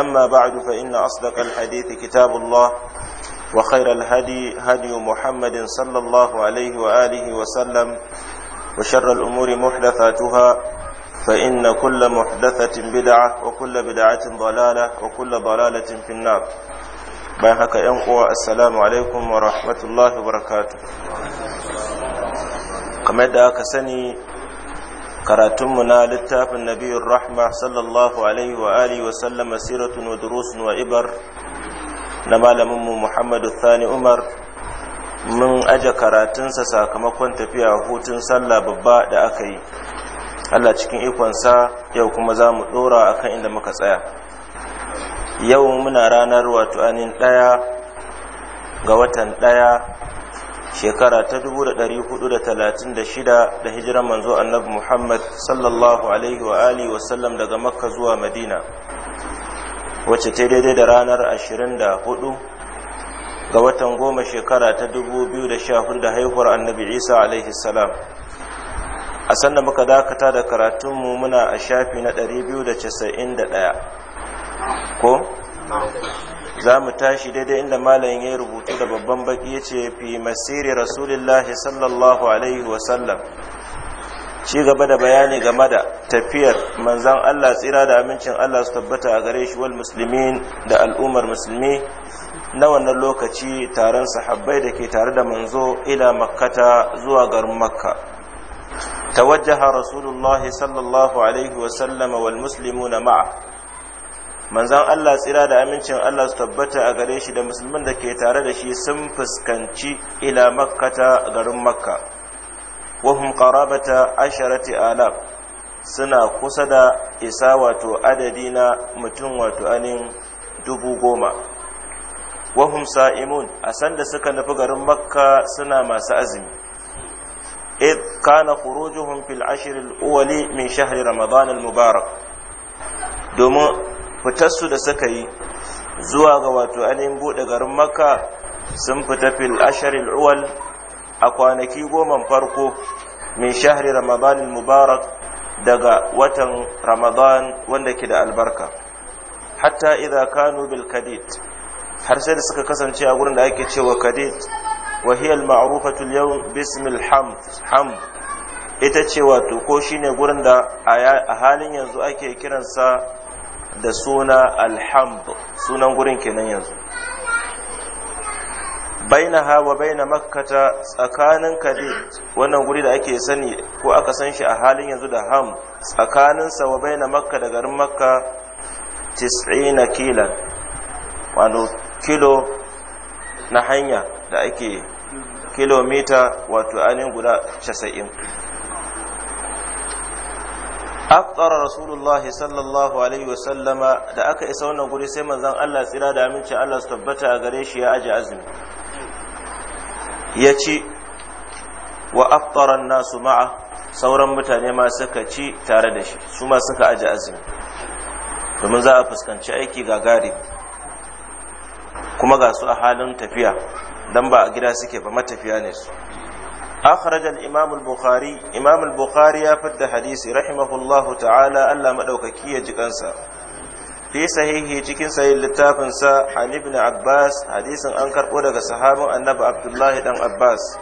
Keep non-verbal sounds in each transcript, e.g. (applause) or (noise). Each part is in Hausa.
أما بعد فإن أصدق الحديث كتاب الله وخير الهدي هدي محمد صلى الله عليه وآله وسلم وشر الأمور محدثاتها فإن كل محدثة بدعة وكل بدعة ضلالة وكل ضلالة في النار bayan haka ‘yan uwa assalamu alaikum wa rahmatullahi wa kamar da aka sani karatunmu na littafin nabiyar rahma sallallahu alaihi wa alihi wa sallama siratun wa durusun wa ibar na malaminmu muhammadu thani umar mun aje karatunsa sakamakon tafiya hutun sallah babba da aka yi allah cikin ikonsa yau kuma za mu dora akan inda muka tsaya yau muna ranar wato anin ɗaya ga watan ɗaya shekara ta 436 da hijiran manzo annabi Muhammad sallallahu alaihi wa alihi wa sallam daga Makka zuwa Madina wacce ta daidai da ranar 24 ga watan goma shekara ta 2014 da haihuwar annabi Isa alaihi salam a sanda muka dakata da karatunmu muna a shafi na 291 ko za mu tashi daidai inda malayin ya rubutu da babban baki ya ce fi masiri rasulillahi sallallahu alaihi wasallam ci gaba da bayani game da tafiyar manzan Allah tsira da amincin Allah su tabbata a gare shi wal da al'ummar musulmi na wannan lokaci taron sahabbai da ke tare da manzo ila makkata zuwa garin makka tawajjaha rasulullahi sallallahu alaihi wasallama wal muslimuna ma'a manzan Allah tsira da amincin Allah su tabbata a gare shi da musulman da ke tare da shi sun fuskanci ila makkata garin makka wahum qarabata asharati alaf suna kusa da isa wato adadi na mutum wato anin dubu goma wahum sa'imun a sanda suka nufi garin makka suna masu azumi id kana khurujuhum fil ashirin uwali min shahri ramadan mubarak domin fitarsu da suka yi zuwa ga wato ainihin buɗe garin makka sun fita fil asharil uwal a kwanaki goma farko mai shahri ramadanin mubarak daga watan ramadan wanda ke da albarka hatta idza kanu bil kadid har sai da suka kasance a gurin da ake cewa kadid wa hiya al ma'rufatu al yawm al hamd ham ita ce wato ko shine gurin da a halin yanzu ake kiransa da suna alhamd sunan gurin kenan yanzu ha wa baina makkata tsakanin kade wannan guri da ake sani ko aka san shi a halin yanzu da ham tsakaninsa wa baina makka da garin makka 90 kilan wato kilo na hanya da ake kilomita wato anin guda 90 aftara rasulullahi sallallahu alaihi wasallama da aka isa wannan guri sai manzan Allah tsira da aminci Allah su tabbata a gare shi ya aje azumi ya ci wa aftara nasu ma'a sauran mutane ma suka ci tare da shi su ma suka aje azumi domin za a fuskanci aiki gagari kuma ga su a halin tafiya dan ba a gida suke ba matafiya ne su أخرج الإمام البخاري إمام البخاري أفد حديث رحمه الله تعالى ألا مدوككية جكنسا في صحيح جكن سيد لتافنسا عن ابن عباس حديث أنكر أولك صحابة النبى عبد الله بن عباس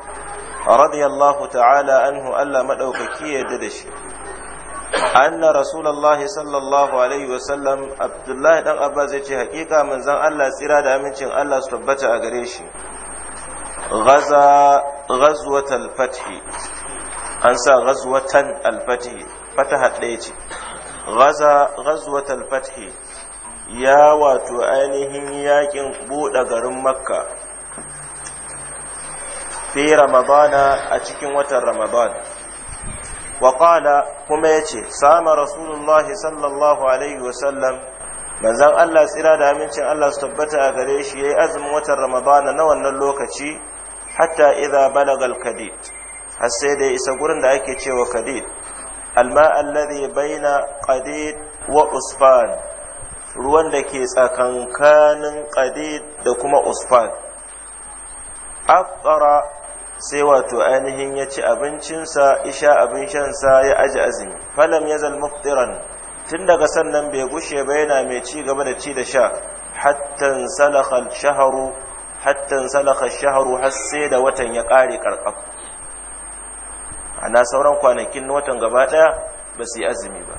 رضي الله تعالى عنه ألا مدوككية ددش أن رسول الله صلى الله عليه وسلم عبد الله بن عباس يجي حقيقة من زن الله سيرا دا أمنشن الله سببت أغريشي gaza ghazwat an sa ghazwatan al-fathi fataha ce gaza ghazwat ya wato ainihin yakin buɗe garin makka fi ramadana a cikin watan ramadan waƙala kuma ya ce sama rasulullahi sallallahu alaihi wasallam manzan allah tsira da amincin allah su tabbata a gare shi ya yi azumin watan ramadana na wannan lokaci hatta iza balaga al-kadid har sai dai isa gurin da ake cewa kadid alma alladhi baina qadid wa usfan ruwan da ke tsakankanin qadid da kuma usfan afqara sai wato ainihin ya ci abincinsa isha abin shansa ya aji azumi falam yazal muftiran tun daga sannan bai gushe ba yana mai ci gaba da ci da sha hattan salakal shaharu hatta salaka shaharu har sai da watan ya ƙare karkab ana sauran kwanakin watan gaba ɗaya ba su yi azumi ba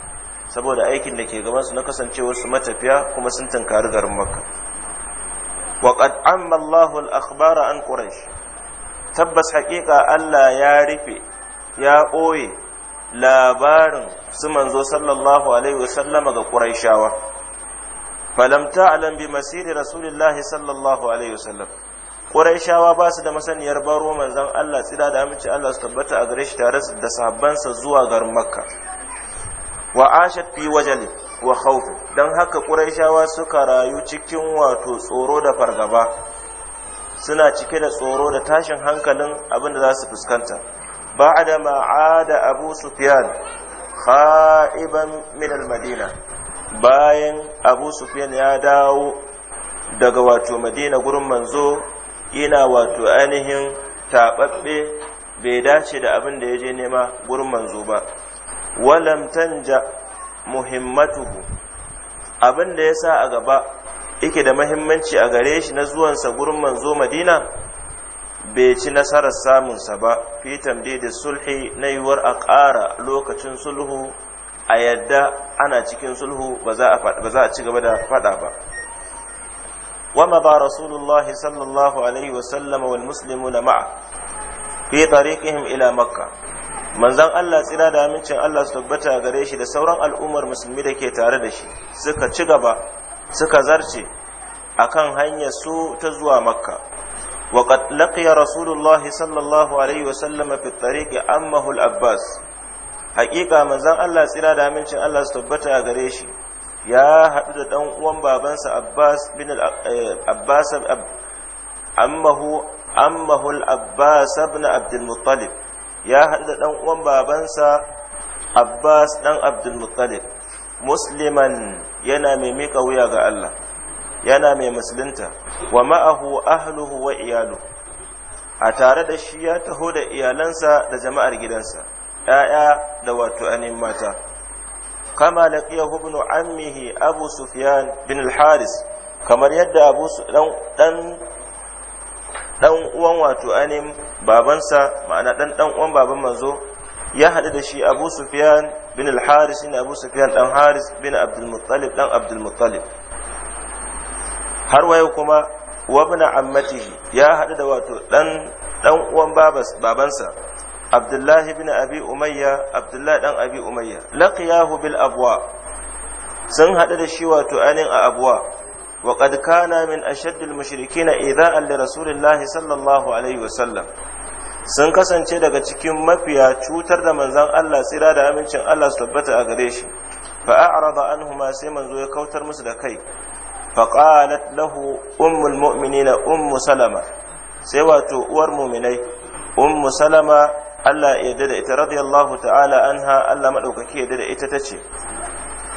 saboda aikin da ke gaban su na kasancewa su matafiya kuma sun tunkari garin makka qad amma Allahu al-akhbara an quraish tabbas haƙiƙa Allah ya rufe ya ɓoye labarin su manzo sallallahu alaihi wasallama ga quraishawa falam ta'lam bi masiri rasulillahi sallallahu alaihi wasallam quraishawa ba su da masaniyar baro manzon Allah tsira da amince Allah su tabbata a gare shi tare da sa zuwa garin Makka wa ashat fi wajali wa khawf dan haka quraishawa suka rayu cikin wato tsoro da fargaba suna cike da tsoro da tashin hankalin abinda da za su fuskanta ba'da ma'ada Abu Sufyan kha'iban min al-Madina bayan abu sufyan ya dawo daga wato madina gurin manzo yana wato ainihin taɓaɓɓe bai dace da abin da ya je nema gurin manzo ba walam tanja muhimmatuhu abin da ya sa a gaba yake da mahimmanci a gare shi na zuwansa gurin manzo madina bai ci nasarar samunsa ba fi tamdi da sulhi na yiwuwar a ƙara lokacin sulhu a yadda ana cikin sulhu ba za a ci gaba da faɗa ba ومضى sallallahu alaihi wa الله عليه وسلم والمسلمون معه في طريقهم إلى مكة manzon Allah tsira da amincin Allah su tabbata gare shi da sauran al'ummar musulmi da ke tare da shi suka ci gaba suka zarce akan hanyar su ta zuwa makka wa qad laqiya rasulullahi sallallahu alaihi wa sallam fi tariqi ammahu al-abbas haƙiƙa manzon Allah tsira da amincin Allah su tabbata a gare shi ya haɗu da ɗan uwan babansa Abbas bin eh, Abbas ammahu ammahu al-Abbas ibn Abdul Muttalib ya haɗu da ɗan uwan babansa Abbas ɗan Abdul Muttalib musliman yana mai mika wuya ga Allah yana mai musulunta wa ma'ahu ahluhu wa iyalu a tare da shi ya taho da iyalansa da jama'ar gidansa 'ya'ya da wato anin mata kama laqiyahu ibn ammihi abu sufyan bin al-haris kamar yadda abu dan dan uwan wato anin babansa ma'ana dan dan uwan baban manzo ya haɗu da shi abu sufyan bin al-haris ne abu sufyan dan haris bin abdul muttalib dan abdul muttalib har wayo kuma wabna ammatihi ya haɗu da wato dan dan uwan babas babansa abdullahi bin abi umayya abdullahi dan abi umayya laqiyahu bil abwa sun haɗu da shi wato anin a abwa wa qad kana min ashaddil na idha'an li rasulillahi sallallahu alaihi wa sallam sun kasance daga cikin mafiya cutar da manzon Allah tsira da amincin Allah su tabbata a gare shi fa an huma sai manzo ya kautar musu da kai fa qalat lahu ummul mu'minina ummu salama sai wato uwar muminai ummu salama Allah ya yarda da ita radiyallahu ta'ala anha Allah madaukaki yarda da ita tace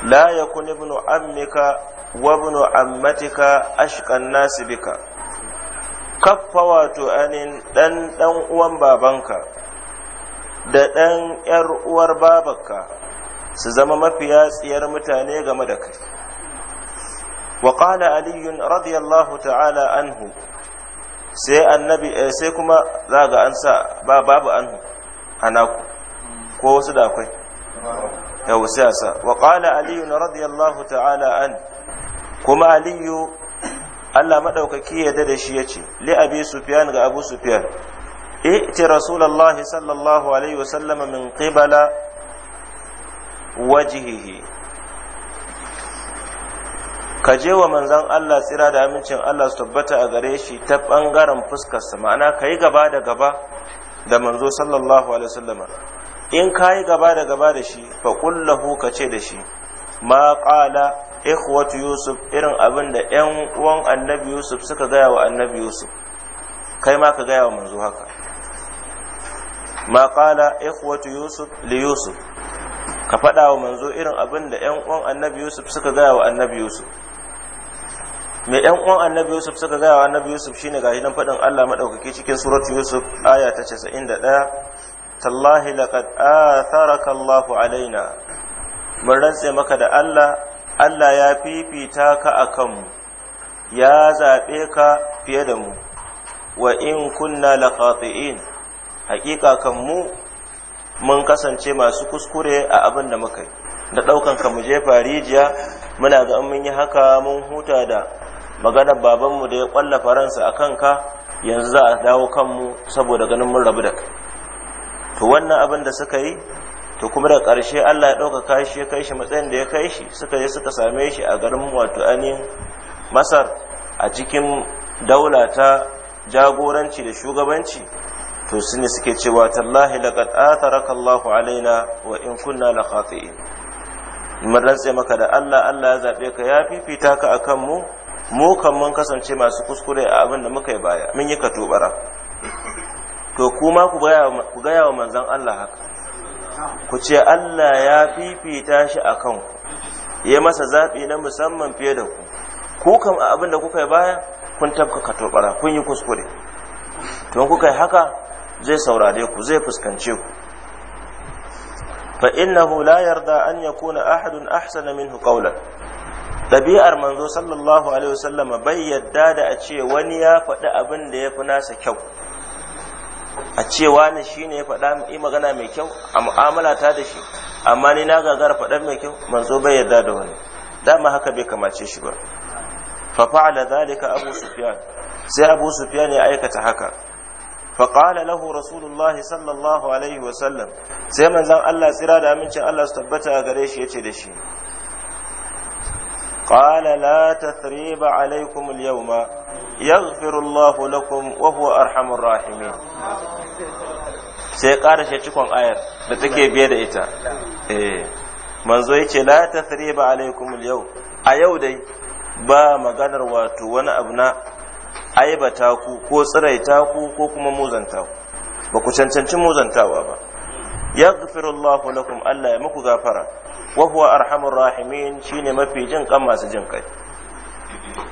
la yakun ibnu ammika wa ibnu ammatika ashqan nasi bika kaffa wato anin dan dan uwan babanka da dan yar uwar babanka su zama mafiya tsiyar mutane game da kai wa qala ali radiyallahu ta'ala anhu sai annabi eh, sai kuma za ga an sa babu anhu a naku ko wasu da akwai yau wasu wa ƙala aliyu na radiyallahu ta'ala an kuma aliyu allah maɗaukaki ya da shi ya ce li abi sufiyan ga abu sufiyan ائت رسول الله sallallahu alaihi عليه وسلم من ka je wa manzan Allah tsira da amincin Allah su tabbata a gare shi ta ɓangaren fuskarsa ma'ana ka yi gaba da gaba da manzo sallallahu alaihi wasallama in kayi gaba da gaba da shi fa kullahu ka ce da shi ma qala ikhwatu yusuf irin abin da yan uwan annabi yusuf suka gaya wa annabi yusuf kai ma ka gaya wa manzo haka ma qala ikhwatu yusuf li yusuf ka faɗa wa manzo irin abin da yan uwan annabi yusuf suka gaya wa annabi yusuf mai yan uwan annabi yusuf suka gaya wa annabi yusuf shine gashi nan faɗin allah maɗaukaki cikin suratu yusuf aya ta casa'in da ɗaya tallahi laqad atharaka allahu alaina mun rantse maka da allah allah ya fifita ka a kanmu ya zaɓe ka fiye da mu wa in kunna laqati'in haƙiƙa kan mu mun kasance masu kuskure a abin da muka yi da ɗaukan ka mu je farijiya? muna ga mun yi haka mun huta da maganar babanmu da ya kwalla faransa a kanka yanzu za a dawo kanmu saboda ganin mun rabu da kai to wannan abin da suka yi to kuma da ƙarshe Allah ya ɗaukaka shi ya kai shi matsayin da ya kai shi suka yi suka same shi a garin wato ainihin Masar a cikin daula ta jagoranci da shugabanci to su ne suke cewa tallahi laqad atharaka Allahu alaina wa in kunna la khati'in mun rantse maka da Allah Allah ya zaɓe ka ya fifita ka akan mu mu kan mun kasance masu kuskure a abin da muka yi baya mun yi katubara to kuma ku gaya wa manzan Allah haka ku ce Allah ya fifita shi a ku. ya masa zaɓi na musamman fiye da ku ku kan a abin da kuka yi baya kun tabka katobara kun yi kuskure to kuka yi haka zai saurare ku zai fuskance ku fa innahu la yarda an yakuna ahadun ahsana minhu qawlan ɗabi'ar manzo sallallahu alaihi wasallam bai yadda da a ce wani ya faɗi abin da ya fi nasa kyau a cewa ne shi ne ya faɗa yi magana mai kyau a mu'amala ta da shi amma ni na gagara faɗar mai kyau manzo bai yadda da wani dama haka bai kamace shi ba fa fa'ala zalika abu sufyan sai abu sufyan ya aikata haka fa qala lahu rasulullahi sallallahu alaihi wa sai manzon Allah tsira da amincin Allah su tabbata gare shi yace da shi قال لا تثريب عليكم اليوم يغفر الله لكم وهو أرحم الراحمين sai ƙara shi cikon ayar da take biye da ita eh manzo yace la tathriba alaikum yau a yau dai ba maganar wato wani abu na aibata ku ko tsiraita ku ko kuma muzanta ku ba ku cancanci muzantawa ba yaghfirullahu lakum Allah ya muku gafara wa huwa arhamur rahimin shine mafi jin kan masu jin kai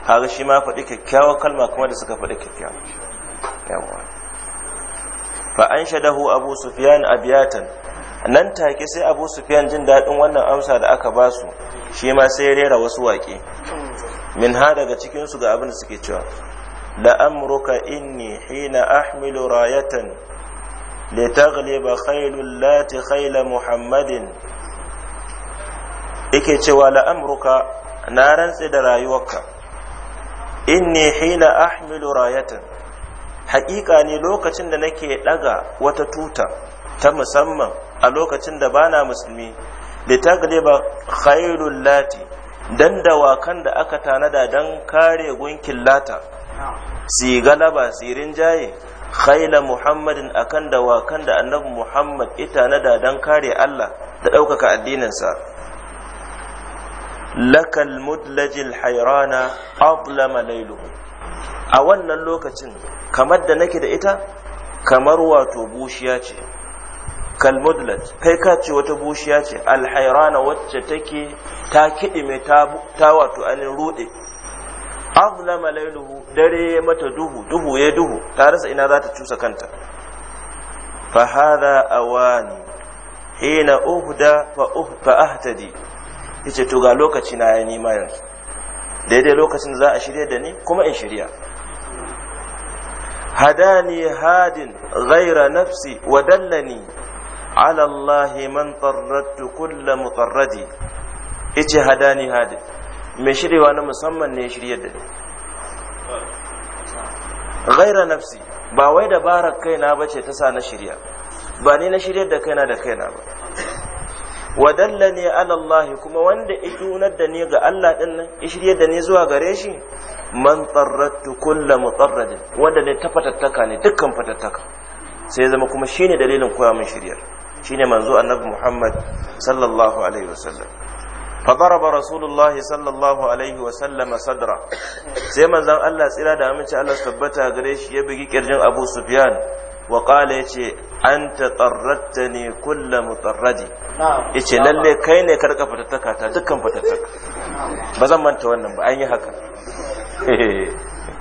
kaga shi ma faɗi kyakkyawar kalma kuma da suka faɗi kyakkyawa yawa fa anshadahu abu sufyan abiyatan nan take sai abu sufyan jin daɗin wannan amsa da aka ba su shi ma sai rera wasu waƙe min ha daga cikin su ga abin da suke cewa Da amruka inni hina ahmilu rayatan litaghliba khailul lati khayla muhammadin yake cewa la'amurka na rantse da rayuwarka inni hina ahmilu rayatan haƙiƙa ne lokacin da nake ɗaga wata tuta ta musamman a lokacin da bana musulmi da ta khairul lati dan dawakan da aka tanada don kare gunkin lata si galaba sirin jaye khaila muhammadin akan dawakan da annabi muhammad ita tanada don kare allah da ɗaukaka addininsa lakal mudlajil hairana adlama lailuhu a wannan lokacin kamar da nake da ita kamar wato bushiya ce kalmudlat kai ka ce wata bushiya ce alhairana wacce take ta mai ta wato anin rude azlama lailuhu dare mata duhu duhu ya duhu ta rasa ina za ta cusa kanta fa hadha awani hina uhda fa ahtadi yace to ga lokaci na ya nima yanzu daidai lokacin za a shirya da ni kuma in shirya hadani hadin ghaira nafsi wa dallani ala Allah man tarattu kull mutarradi yace hadani hadin me shirya na musamman ne shirya da ni ghaira nafsi ba wai dabarar kaina bace ta sa na shirya ba ni na shirya da kaina da kaina ba wa ne ala Allah kuma wanda idunar da ni ga Allah ɗin nan ya shirye da ni zuwa gare shi man tsarrattu kulla mutarradin wanda ne ta fatattaka ne dukkan fatattaka sai zama kuma shine dalilin koya min shiryar shine manzo annabi Muhammad sallallahu alaihi wasallam فضرب رسول الله sallallahu alaihi عليه وسلم صدرا sai manzon Allah tsira da aminci Allah tabbata gare shi ya bugi kirjin Abu Sufyan ce an yace anta ne kulla mutarradi ce lalle kai ne ka rika fatattaka ta dukkan fatattaka ba zan manta wannan ba an yi haka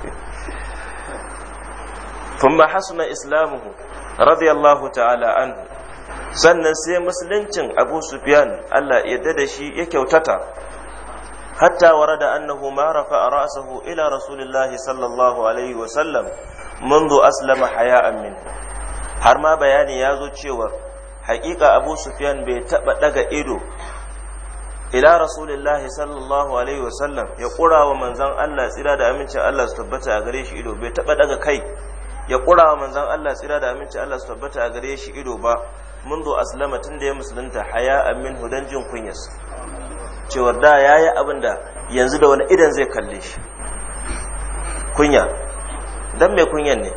(laughs) thumma hasuna islamuhu radiyallahu ta'ala anhu sannan sai musuluncin abu sufyan Allah yadda da shi ya kyautata hatta da annahu ma rafa ra'sahu ila rasulillahi sallallahu alaihi wa sallam منذ أسلم حياء منه har ma bayani ya zo cewa haƙiƙa abu sufyan bai taɓa ɗaga ido ila rasulullahi sallallahu alaihi wasallam ya ƙura wa manzan allah tsira da amincin allah su tabbata a gare shi ido bai taɓa ɗaga kai ya ƙura wa manzan allah tsira da amincin allah su tabbata a gare shi ido ba mun zo aslama tun da ya musulunta haya amin hudan jin kunyas cewar da ya yi yanzu da wani idan zai kalle shi kunya don mai kunyan ne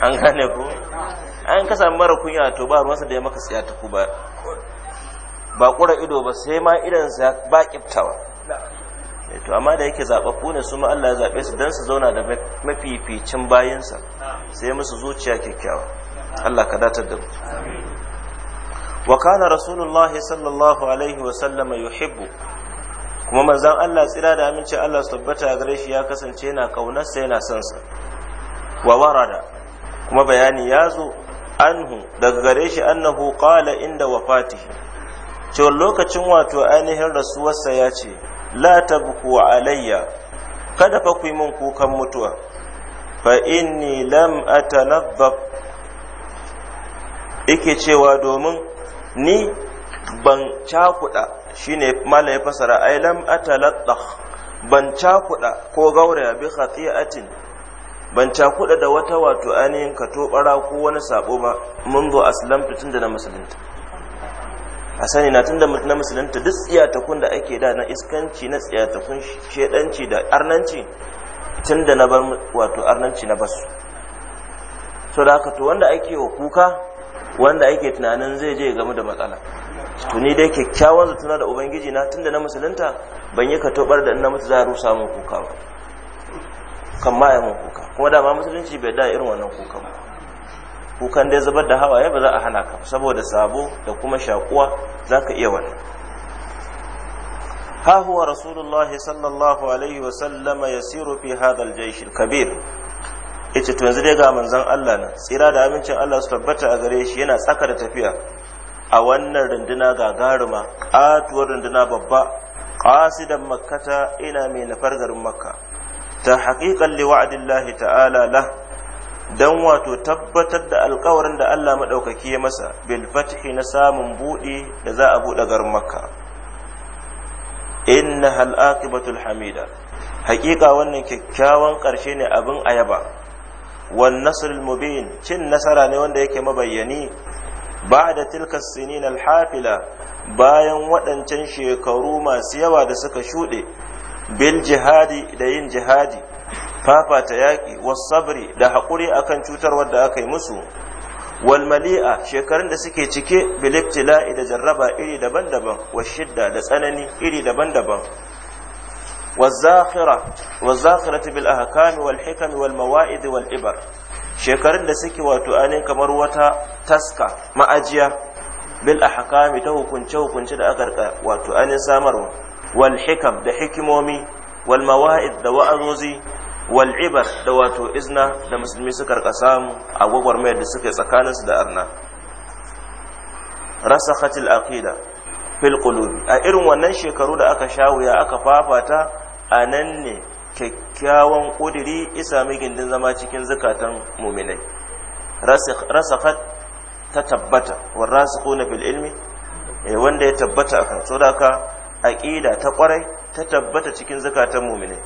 an gane ku an kasa mara kunya to ba ruwansa da ya maka tsaya ta ku ba ba kura ido ba sai ma za ba ƙiftawa eh, to amma da yake zaɓaɓɓu ne su ma Allah ya zaɓe su don su zauna da mafificin bayansa sai musu zuciya kyakkyawa Allah ka datar da mu wa kana rasulullahi sallallahu alaihi wa sallama yuhibbu kuma manzan Allah tsira da aminci Allah su tabbata gare shi ya kasance yana ƙaunarsa yana son sa wa warada kuma bayani ya zo anhu daga gare shi annahu qala inda wafatihi cewa lokacin wato ainihin rasuwarsa ya ce la tabku alayya kada fa ku yi min kukan mutuwa fa inni lam atanabbab ike cewa domin ni ban cakuɗa shine malam ya fasara ai lam ataladdakh ban cakuda ko gauraya bi khati'atin ban cakuda da wata wato ainihin ka to bara ko wani sabo ba mun zo aslamtu tunda na musulunta a sani na tunda da musulunta duk tsiyatakun da ake da na iskanci na tsiyatakun shedanci da arnanci tunda na bar wato arnanci na basu so da haka to wanda ake wa kuka wanda ake tunanin zai je game da matsala to ni dai kyakkyawan zatuna da ubangiji na tunda na musulunta ban yi katobar da ina mutu za a rusa mun kuka ba kan ma mun kuka kuma dama musulunci bai da irin wannan kukan ba kukan dai zubar da hawaye ba za a hana ka saboda sabo da kuma shakuwa za ka iya wannan ha huwa rasulullah sallallahu alaihi wa sallama yasiru fi hadal jaysh al-kabir yace to yanzu dai ga manzon Allah na tsira da amincin Allah su tabbata a gare shi yana tsaka da tafiya a wannan runduna gagaruma atuwar runduna babba qasidan makkata ina mai nafar garin makka ta haƙiƙan liwa'adillahi ta'ala la dan wato tabbatar da alƙawarin da Allah maɗaukaki ya masa bil fathi na samun buɗe da za a buɗe garin makka inna hal aqibatul hamida haƙiƙa wannan kyakkyawan ƙarshe ne abin ayaba wan nasrul mubin cin nasara ne wanda yake mabayyani ba da tilka sininal hafila bayan waɗancan shekaru masu yawa da suka shuɗe bil jihadi da yin jihadi fafata yaƙi wasabri da haƙuri akan cutarwar da aka yi musu walmali'a shekarun da suke cike bilibtila'i da jarraba iri daban-daban wa shidda da tsanani iri daban-daban والزاخرة والزاخرة بالأهكام والحكم والموائد والإبر shekarun da suke wato ainihin kamar wata taska ma'ajiya bil ahkami ta hukunce hukunce da aka wato ainihin samarwa wal hikam da hikimomi wal mawa'id da wa'azozi wal ibar da wato izna da musulmi suka rika samu a gwagwarmayar da suka tsakanin su da arna rasakhatil aqida fil qulubi a irin wannan shekaru da aka shawuya aka fafata anan ne kyakkyawan ƙudiri isa mai gindin zama cikin zukatan muminai rasakat ta tabbata warasiquna bil ilmi eh wanda ya tabbata akan so da ka aqida ta kwarai ta tabbata cikin zukatan muminai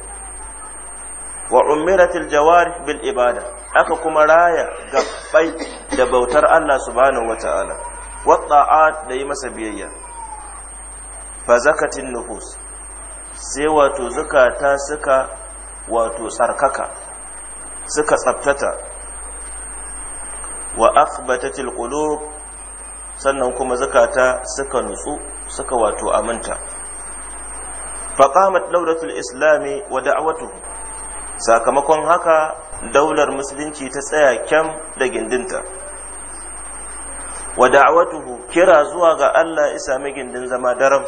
wa umiratil jawarih bil ibada aka kuma raya gabbai da bautar Allah subhanahu wataala wa ta'at da yi masa biyayya fa zakatin nufus sai wato zukata suka wato tsarkaka suka tsabtata wa akhbatatil qulub sannan kuma zakata suka nutsu suka wato aminta faqamat dawlatul islami wa da'watuhu sakamakon haka daular musulunci ta tsaya kyam da gindinta wa da'watuhu kira zuwa ga Allah isa mai gindin zama daram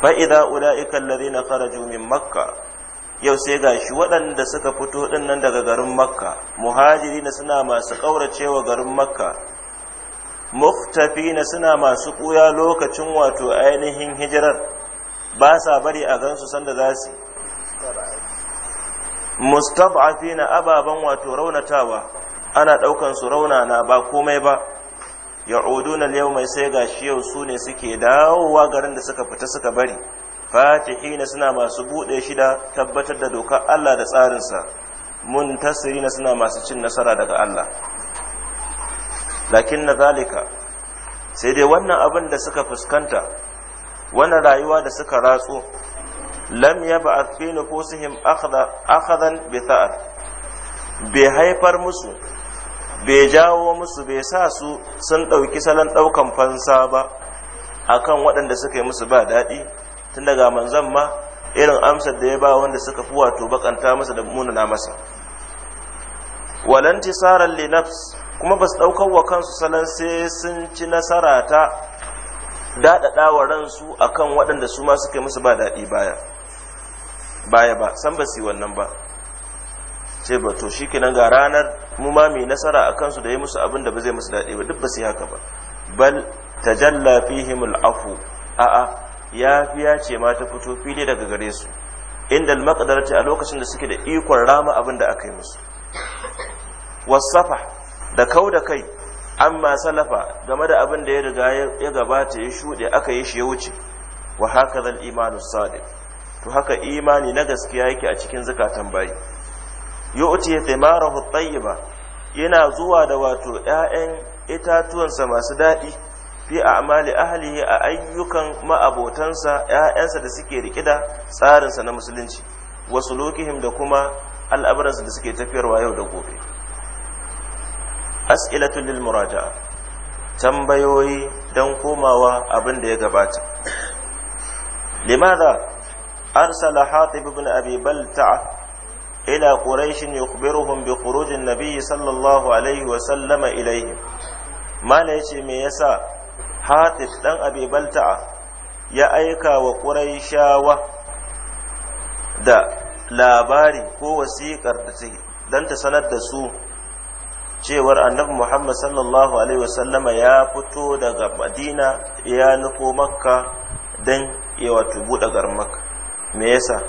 fa idza ulaika alladhina kharaju min makkah yau sai ga shi waɗanda suka fito ɗin nan daga garin makka muhajiri na suna masu ƙauracewa garin makka muftafi na suna masu ƙuya lokacin wato ainihin hijirar ba sa bari a gan su sanda za su mustaf'afi na ababen wato raunatawa ana ɗaukan su rauna na ba komai ba ya'uduna yau mai sai ga shi yau su ne suke dawowa garin da suka fita suka bari fatihina suna masu bude shida, tabbatar da dokar Allah da tsarinsa muntasirina suna masu cin nasara daga Allah lakin na zalika sai dai wannan abin da suka fuskanta wannan rayuwa da suka ratso lam ya ba fi nufusihim akhadan bi sa'ad bai haifar musu bai jawo musu bai sa su sun ɗauki salon ɗaukan fansa ba akan waɗanda suka yi musu ba daɗi tun daga manzan ma irin amsar da ya ba wanda suka fi wato bakanta masa da munana masa walanti tsarar linafs kuma ba su ɗaukar wa kansu salon sai sun ci nasara ta daɗaɗa wa ransu a kan waɗanda su ma suka musu ba daɗi baya baya ba san ba su wannan ba ce ba to shi kinan ga ranar mu ma mai nasara a kansu da ya musu abin da ba zai musu daɗi ba duk ba su haka ba bal tajalla fihimul afu a'a yafiya ce ma ta fito fili daga gare su inda al-maqdarati a lokacin da suke da ikon rama abin da aka yi musu wasafa da kau da kai amma salafa game da abin da ya riga ya gabata ya shuɗe aka yi shi ya wuce wa haka zal imanu sadiq to haka imani na gaskiya yake a cikin zakatan bayi yu'ti thimarahu tayyiba yana zuwa da wato ƴaƴan itatuwansa masu daɗi fi a'mali ahali a ayyukan ma'abotansa yayansa da suke riƙe da tsarinsa na musulunci wasu lokihim da kuma al'amuransu da suke tafiyarwa yau da gobe as'ilatu lil muraja'a tambayoyi don komawa abin da ya gabata limadha arsala hatib ibn abi balta'a إلى قريش يخبرهم sallallahu alaihi wa الله عليه وسلم إليهم ما me yasa. hatif ɗan abi balta'a ya aika wa ƙuraishawa da labari ko wasiƙar da take don ta sanar da su cewar annabi muhammad sallallahu alaihi wasallama ya fito daga madina ya nufo makka don ya wato buɗe garin makka me yasa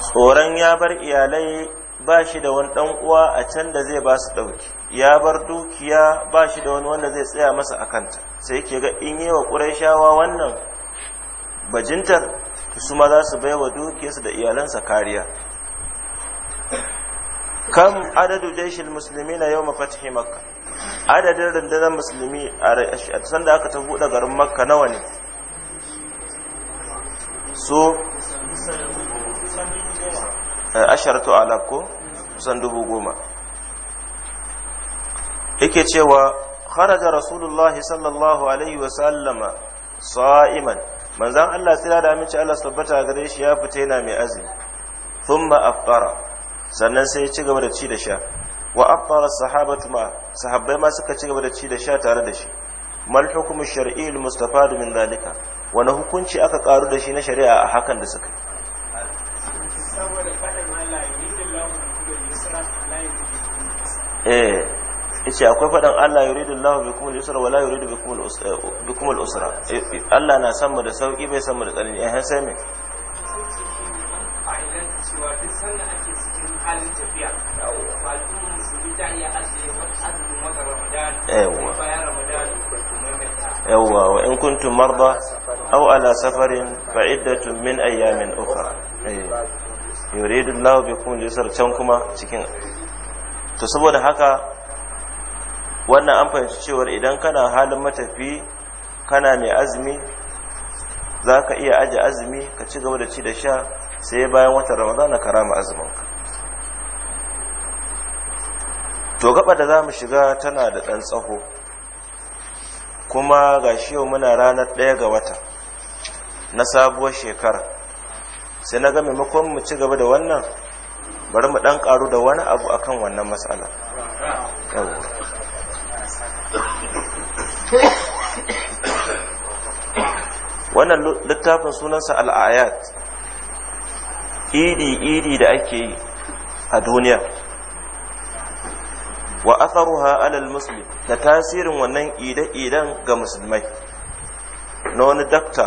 tsoron ya bar iyalai ba shi da wani ɗan uwa a can da zai ba su ɗauki ya bar dukiya ba shi da wani wanda zai tsaya masa a kanta sai ke ga in yi wa ƙuraishawa wannan bajintar su ma za su bai wa dukiyarsu da iyalansa kariya kan adadu jaishin musulmi na yau mafatihi makka adadin rundunar musulmi a san da aka tafi da garin makka nawa ne so eh, ashirin alaf ko kusan dubu goma yake cewa kharaja rasulullahi sallallahu alaihi wa sallama sa'iman manzan Allah sai da aminci Allah tabbata gare shi ya fita yana mai azumi thumma afṭara sannan sai ya ci gaba da ci da sha wa afṭara sahabatu ma sahabbai ma suka ci gaba da ci da sha tare da shi mal hukumu shar'i al mustafad min zalika wani hukunci aka karu da shi na shari'a a hakan da suka eh yace akwai fadan Allah yuridu Allah bikum al-yusra wa la yuridu bikum al-usra eh, eh, Allah na san mu da sauki bai san mu da tsanani eh sai me cewa in kuntum marda aw ala safarin fa iddatun min ayyamin ukhra eh, yuridu Allah bikum al-yusra can kuma cikin to saboda haka wannan an fahimci cewar idan kana halin matafi kana mai azumi za ka iya aji azumi ka ci gaba da ci da sha sai bayan watan ramadana ka rama azuminka to gaba da za mu shiga tana da ɗan tsaho kuma ga shi yau muna ranar ɗaya ga wata na sabuwar shekara sai na ga maimakon mu ci gaba da wannan bari mu ɗan ƙaru da wani abu akan wannan matsala wannan littafin sunansa al'ayat idi iri da ake yi a duniya wa atharuha alal muslim da tasirin wannan ide-iden ga musulmai na wani dakta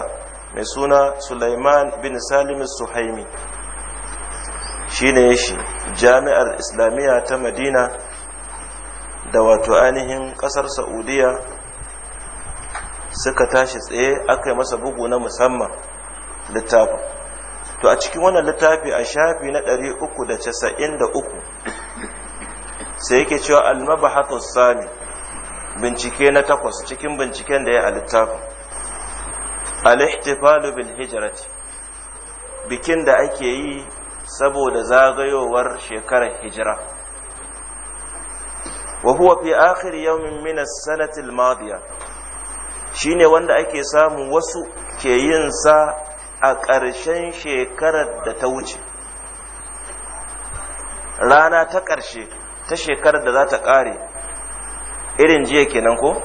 mai suna Suleiman bin Salim Suhaimi Shi shine shi jami'ar islamiyya ta Madina da wato ainihin kasar Sa'udiyya. suka tashi tsaye aka yi masa bugu na musamman littafin to a cikin wannan littafi a shafi na 393 sai yake cewa almabahathu sami bincike na takwas cikin binciken da ya a littafin al-ihtifalu bil hijrati bikin da ake yi saboda zagayowar shekarar hijira wa huwa fi akhir yawmin min as-sanati al-madiya shine wanda ake samun wasu ke yin sa a ƙarshen shekarar da ta wuce rana ta ƙarshe ta shekarar da za ta ƙare irin jiya kenan ko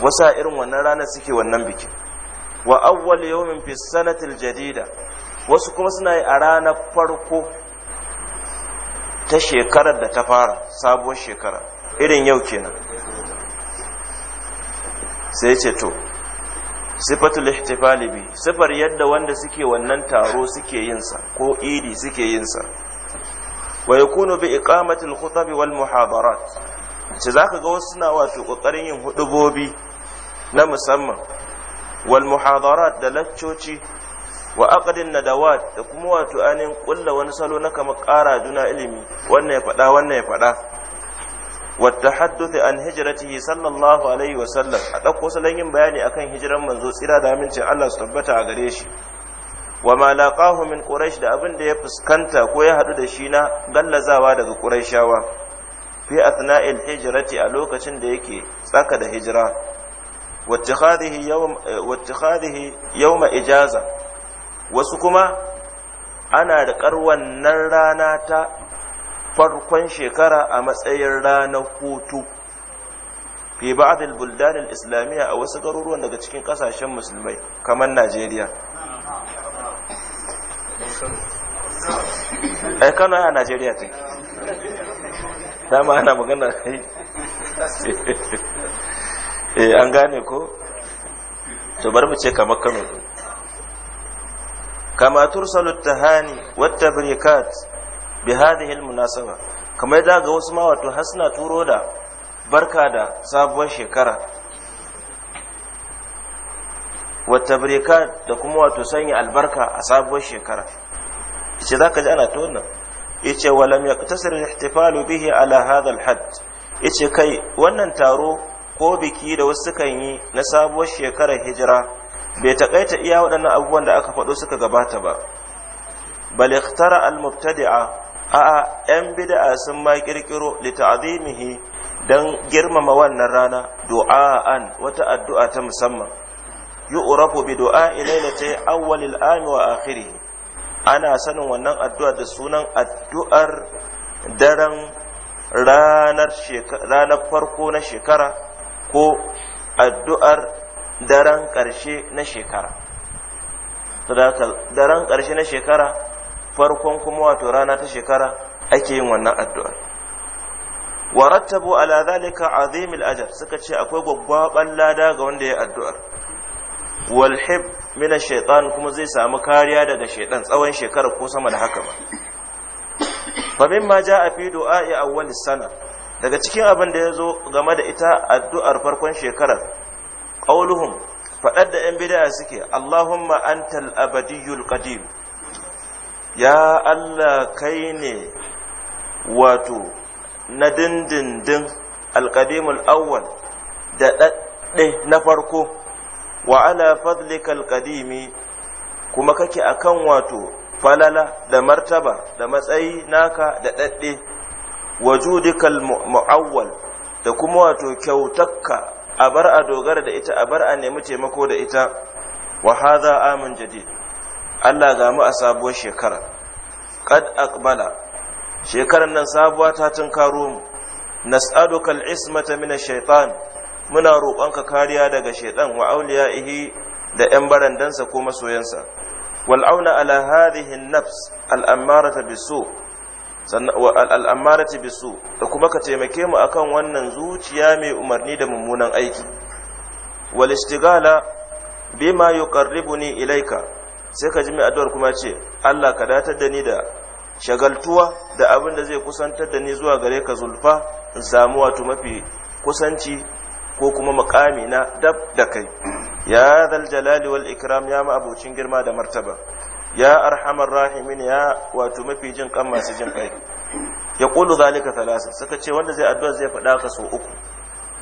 wasa irin wannan ranar suke wannan bikin wa awwal yawmin fi sanatil jadida wasu kuma suna yi a ranar farko ta shekarar da ta fara sabuwar shekara irin yau kenan sai ce to sifatul ihtifali bi sifar yadda wanda suke wannan taro suke yinsa ko idi suke yinsa sa wa yakunu bi iqamati al wal muhadarat ce zaka ga wasu suna wato kokarin yin hudubobi na musamman wal muhadarat da laccoci wa aqdin nadawat da kuma wato anin kulla wani salo na kama ƙara juna ilimi wannan ya faɗa wannan ya faɗa Wa an hijira ciki, sallallahu alaihi wa sallar. A ɗauko salon yin bayani akan kan manzo tsira da amince Allah su tabbata a gare shi. Wa ma min ƙurashi da abin da ya fuskanta ko ya hadu da shi na? gallazawa daga ƙurashawa. Fi Adana'il hijira a lokacin da yake tsaka da hijira. Wacce fa da yi ijaza? Wasu kuma? Ana da ƙar wannan rana ta. farkon shekara a matsayin ranar hutu fi ba'dil buldan islamiyya a wasu garuruwan daga cikin kasashen musulmai kamar Najeriya ai Kano a Najeriya take dama ana magana kai (laughs) eh an gane ko to bar mu ce kamar Kano kama tursalu tahani wat tabrikat bi hadhihi munasaba kamar da ga wasu ma wato har suna turo da barka da sabuwar shekara wa tabrikat da kuma wato sanya albarka a sabuwar shekara ce zaka ji ana ta wannan yace walam yaqtasir al-ihtifalu bihi ala hadha al-hadd yace kai wannan taro ko biki da wasu sukan yi na sabuwar shekara hijira bai takaita iya waɗannan abubuwan da aka faɗo suka gabata ba bal ikhtara al-mubtadi'a a'a yan bid'a sun ma kirkiro li ta'zimihi dan girmama wannan rana du'a'an wata addu'a ta musamman yu'rafu bi du'a'i lailati awwalil ami wa akhirih ana sanin wannan addu'a da sunan addu'ar daren ranar ranar farko na shekara ko addu'ar daren ƙarshe na shekara daren ƙarshe na shekara farkon kuma wato rana ta shekara ake yin wannan addu'a wa rattabu ala zalika azimil ajab suka ce akwai gwaggwaban lada ga wanda ya addu'ar Walhib mina min kuma zai samu kariya daga shaytan tsawon shekara ko sama da haka ba ma mimma a fi du'a'i wani sana daga cikin abin da yazo game da ita addu'ar farkon shekarar qauluhum faɗar da ‘yan bida suke, Allahumma antal abadiyul qadim ya Allah kai ne wato na dindindin alƙadimul awwal da ɗaɗɗe na farko wa ala fadlika alƙadimi kuma kake akan wato falala da martaba da matsayi naka da ɗaɗɗe wajudikal judikal mu'awwal da kuma wato kyautakka a bar a dogara da ita a bar a nemi taimako da ita wa hadha amin jadid Allah ga mu a sabuwar shekara Kad aqbala shekarar nan sabuwa ta tunkaro mu nas'aluka al'ismata ismata min ash-shaytan muna roƙonka kariya daga shaytan wa awliyaihi da yan barandansa ko masoyansa wal auna ala hadhihi an-nafs al-ammarata bisu bisu da kuma ka taimake mu akan wannan zuciya mai umarni da mummunan aiki wal istighala bima yuqarribuni ilaika sai ka ji mai addu'ar kuma ce Allah ka datar da ni da shagaltuwa da abin da zai kusantar da ni zuwa gare ka zulfa in samu wato mafi kusanci ko kuma makami na dab da kai ya zal jalali wal ikram ya girma da martaba ya arhamar rahimin ya wato mafi jin kan masu jin kai ya qulu zalika talasa, suka ce wanda zai addu'a zai faɗa ka so uku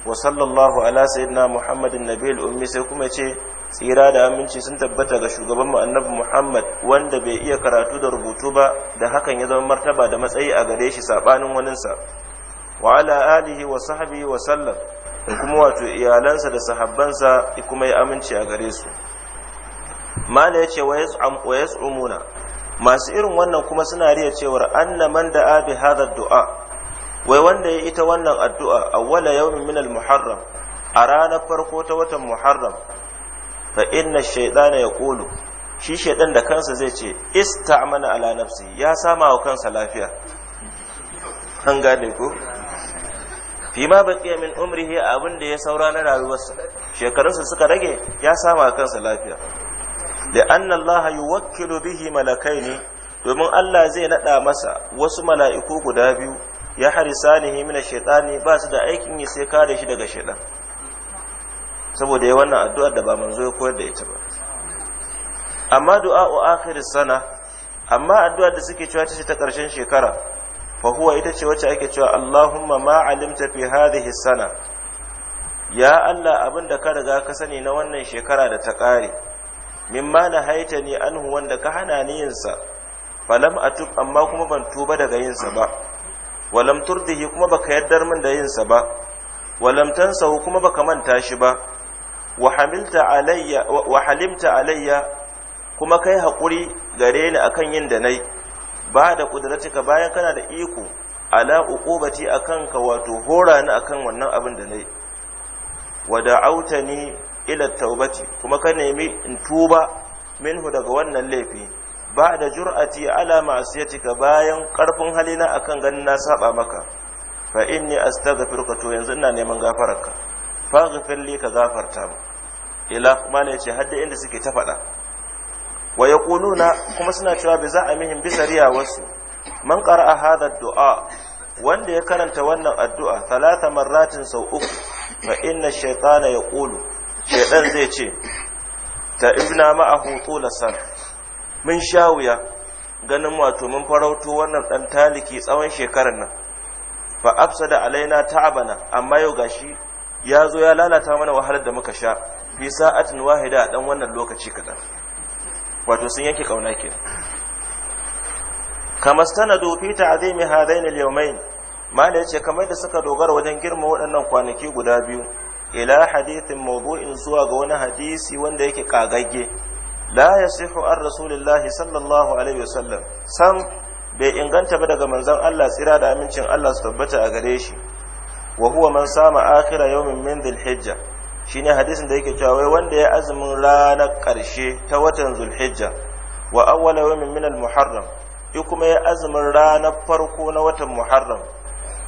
wa sallallahu ala sayyidina muhammadin nabiyil ummi sai kuma ce tsira da aminci sun tabbata ga shugaban mu annabi Muhammad wanda bai iya karatu da rubutu ba da hakan ya zama martaba da matsayi a gare shi sabanin waninsa wa ala alihi wa sahbihi wa sallam kuma wato iyalansa da sahabbansa kuma ya aminci a gare su mala yace wa yas'am wa yas'umuna masu irin wannan kuma suna riya cewar anna man da'a bi hadha du'a wai wanda ya ita wannan addu'a awwala yawmin min al-muharram a ranar farko ta watan muharram fa inna shaytana yaqulu shi shaytan da kansa zai ce ista'mana ala nafsi ya sama wa kansa lafiya an gane ko fi ma baqiya min umrihi abin da ya saura na rayuwarsa shekarunsa suka rage ya sama wa kansa lafiya da anna allaha yuwakkilu bihi malakaini domin Allah zai nada masa wasu mala'iku guda biyu ya harisanihi min ash-shaytani ba su da aikin yi sai kare shi daga shaytan saboda ya wannan addu'ar da ba manzo ya koyar da ita ba amma du'a'u akhiris sana amma addu'ar da suke cewa ce ta ƙarshen shekara fa huwa ita ce wacce ake cewa Allahumma ma alimta fi hadhihi sana ya Allah abinda ka riga ka sani na wannan shekara da ta ƙare mimma na haita ni anhu wanda ka hana ni yinsa falam atub amma kuma ban tuba daga yinsa ba walam turdihi kuma baka yaddar min da yinsa ba walam tansahu kuma baka manta shi ba wa halimta alayya kuma kai haƙuri gare ni akan yin da nai ba da ka bayan kana da iko ala uqubati akan ka wato hora ni akan wannan abin da nai wa da'awtani ila taubati kuma ka nemi in tuba minhu daga wannan laifi ba da jur'ati ala ma'asiyatika bayan karfin halina akan ganin na saba maka fa inni astaghfiruka to yanzu ina neman gafararka faghfir li ka gafarta mu ila kuma ne yace hadda inda suke ta faɗa wa yaquluna kuma suna cewa bi za'amihim bi wasu man qara'a hadha du'a wanda ya karanta wannan addu'a talata marratin sau uku fa inna shaytana yaqulu shaytan zai ce ta ibna ma'ahu tula sana mun sha wuya ganin wato mun farauto wannan dan taliki tsawon shekarar nan fa afsada alaina ta'abana amma yau gashi ya zo ya lalata mana wahalar da muka sha fi sa'atin wahida a ɗan wannan lokaci kaɗan wato sun yanke ƙauna ke kama ta fi ta'zimi hadain al-yawmain mala yace kamar da suka dogara wajen girma waɗannan kwanaki guda biyu ila hadithin mawdu'in zuwa ga wani hadisi wanda yake kagagge la yasihu an rasulillahi sallallahu alaihi wasallam sam bai inganta ba daga manzon Allah tsira da amincin Allah su tabbata a gare shi wa huwa man sama akhira yawmin min dhulhijja shine hadisin da yake cewa wai wanda ya azumin ranar karshe ta watan zulhijja wa awwala yawmin min muharram in kuma ya azumin ranar farko na watan muharram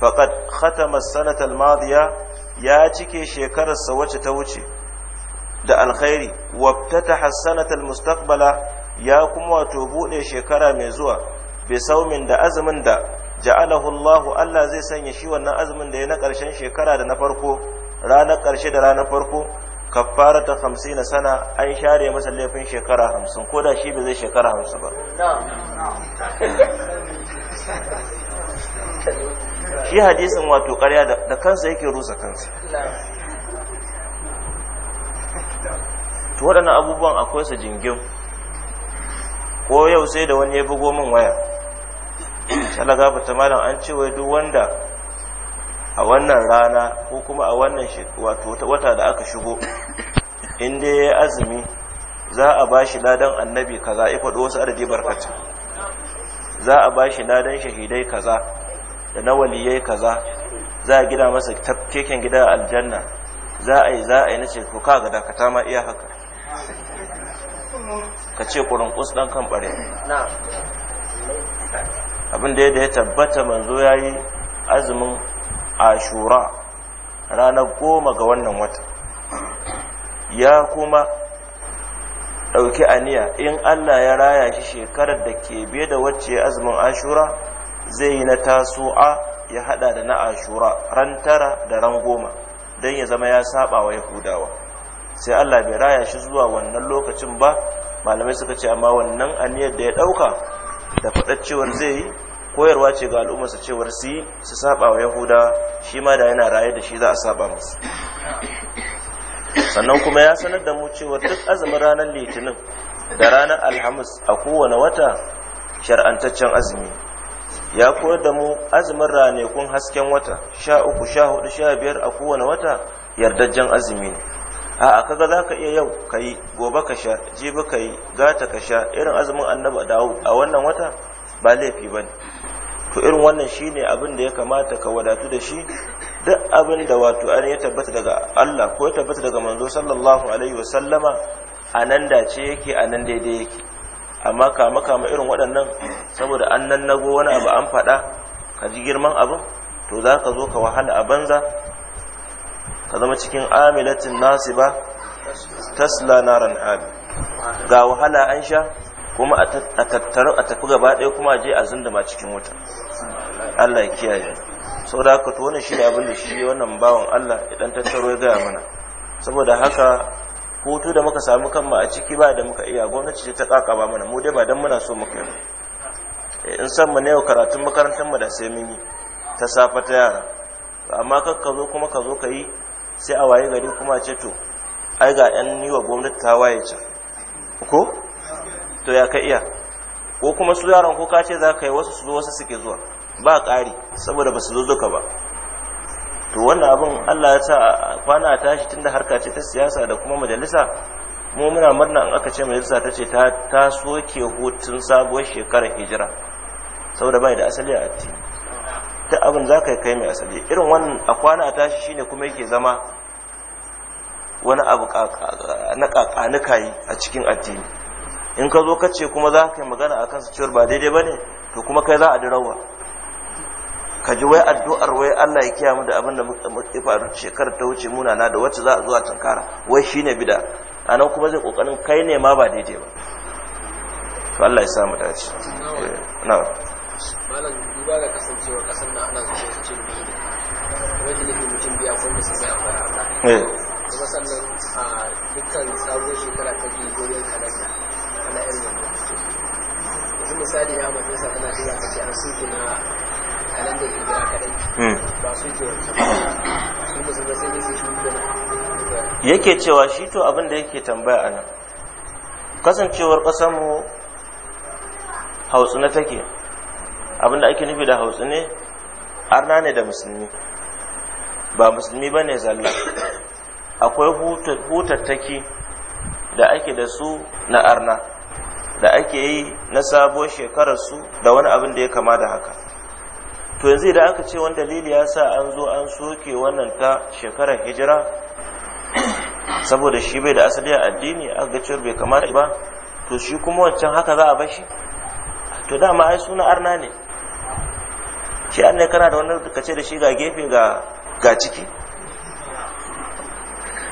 faqad khatama as-sanata al-madiya ya cike shekarar sa wacce ta wuce da alkhairi wabtataha as-sanata al-mustaqbala ya kuma wato bude shekara mai zuwa bi saumin da azumin da ja'alahu Allahu Allah zai sanya shi wannan azumin da ya na ƙarshen shekara da na farko ranar ƙarshe da ranar farko kaffara ta hamsin sana an share masa laifin shekara hamsin ko da shi ba zai shekara hamsin ba (laughs) shi hadisin wato ƙarya da kansa yake rusa kansa to waɗannan abubuwan akwai sa jingim ko yau sai da wani ya bugo min waya salagafa ta malam an ce wai duk wanda a wannan rana ko kuma a wannan wata da aka shigo In dai ya azumi za a ba shi ladan annabi kaza ya faɗo wasu adadi barkata za a ba shi ladan shahidai kaza da na waliyai kaza za a gina masa keken gida a aljanna za a yi za a yi na ceto, ka ga dakata ma iya haka ka ce kurin kus ɗan kan ɓare abin da ya tabbata manzo ya yi azumin ashura ranar goma ga wannan wata ya kuma ɗauki aniya in allah ya raya shi shekarar da ke biye da wacce azumin ashura zai yi na tasu'a ya hada da na ashura ran tara da ran goma don ya zama ya saba wa yahudawa sai allah bai raya shi zuwa wannan lokacin ba malamai suka ce amma wannan aniyar da ya ɗauka da faɗar zai yi koyarwa ce ga al'ummarsa cewar su yi su saba wa yahuda shi ma da yana raye da shi za a saba musu. sannan kuma ya sanar da mu cewar duk azumin ranar litinin da ranar alhamis a kowane wata shar'antaccen azumi ya koyar da mu azumin ranakun hasken wata sha uku sha hudu sha biyar a kowane wata yardajjen azumi ne a kaga za ka iya yau ka yi gobe ka sha jibi ka yi gata ka sha irin azumin annaba dawo a wannan wata ba laifi ba ne to irin wannan shi ne abin da ya kamata ka wadatu da shi duk abin da wato an ya tabbata daga Allah ko ya tabbata daga manzo sallallahu alaihi wasallama a nan dace yake a nan daidai yake amma kama kama irin waɗannan saboda an nan nago wani abu an faɗa ka ji girman abin to za ka zo ka wahala a banza ka zama cikin amilatin nasiba tasla naran abi ga wahala an sha kuma a a tafi gaba ɗaya kuma a je a zunduma cikin wuta Allah ya kiyaye sau da haka to shi da abin da shi wannan bawan Allah idan tattaro ya gaya mana saboda haka hutu da muka samu kanmu a ciki ba da muka iya gwamnati ce ta ba mana mu dai ba dan muna so muka yi eh, in san mu ne karatun makarantar mu da sai mun yi ta safa ta yara amma kar ka zo kuma ka zo ka yi sai a waye gari kuma ce to ai ga yan yi wa gwamnati ta waye ce ko to ya ka iya ko kuma su yaran ko ka ce za ka yi wasu su zo wasu suke zuwa ba ƙari saboda ba su zo duka ba to wannan abin Allah ya sa kwana tashi tunda harka ce ta siyasa da kuma majalisa mu muna murna in aka ce majalisa ta ce ta soke hutun sabuwar shekarar hijira saboda bai da asali a ti ta abin za ka yi kai mai asali irin wannan a kwana tashi shine kuma yake zama wani abu na kakanuka yi a cikin addini in ka zo ka ce kuma za ka yi magana a kansu cewar ba daidai ba ne to kuma kai za a dirawa ka ji wai addu'ar wai Allah ya kiyamu da abin da muke faru shekarar ta wuce muna na da wacce za a zuwa tunkara wai shine bida a nan kuma zai kokarin kai ne ma ba daidai ba to Allah ya sa mu dace eh, na malam duba da kasancewa kasar na ana zuwa su ce biyu wanda ne mutum biya wanda su sai a fara Allah eh. kuma sannan a dukkan sabon shekara ta ke goyon kalanda ana irin wannan yanzu misali ya mutum sa tana jira ta ce an suke na Hmm. yake cewa shi to abin da yake tambaya anan, kasancewar kasancewar hautsu na take abin da ake nufi da hautsu ne arna ne da musulmi ba musulmi ba ne zalla akwai hutattaki da ake da su na arna da ake yi na sabuwar shekararsu da wani abin da ya kama da haka to yanzu idan aka ce wani dalili ya sa an zo an soke wannan ta shekarar hijira (clears throat) saboda shi bai da asali a addini a ga cewar bai kamata ba to shi kuma wancan haka za a bashi to dama ai suna arna ne shi an ne kana da wannan ce da shi ga gefe ga ga ciki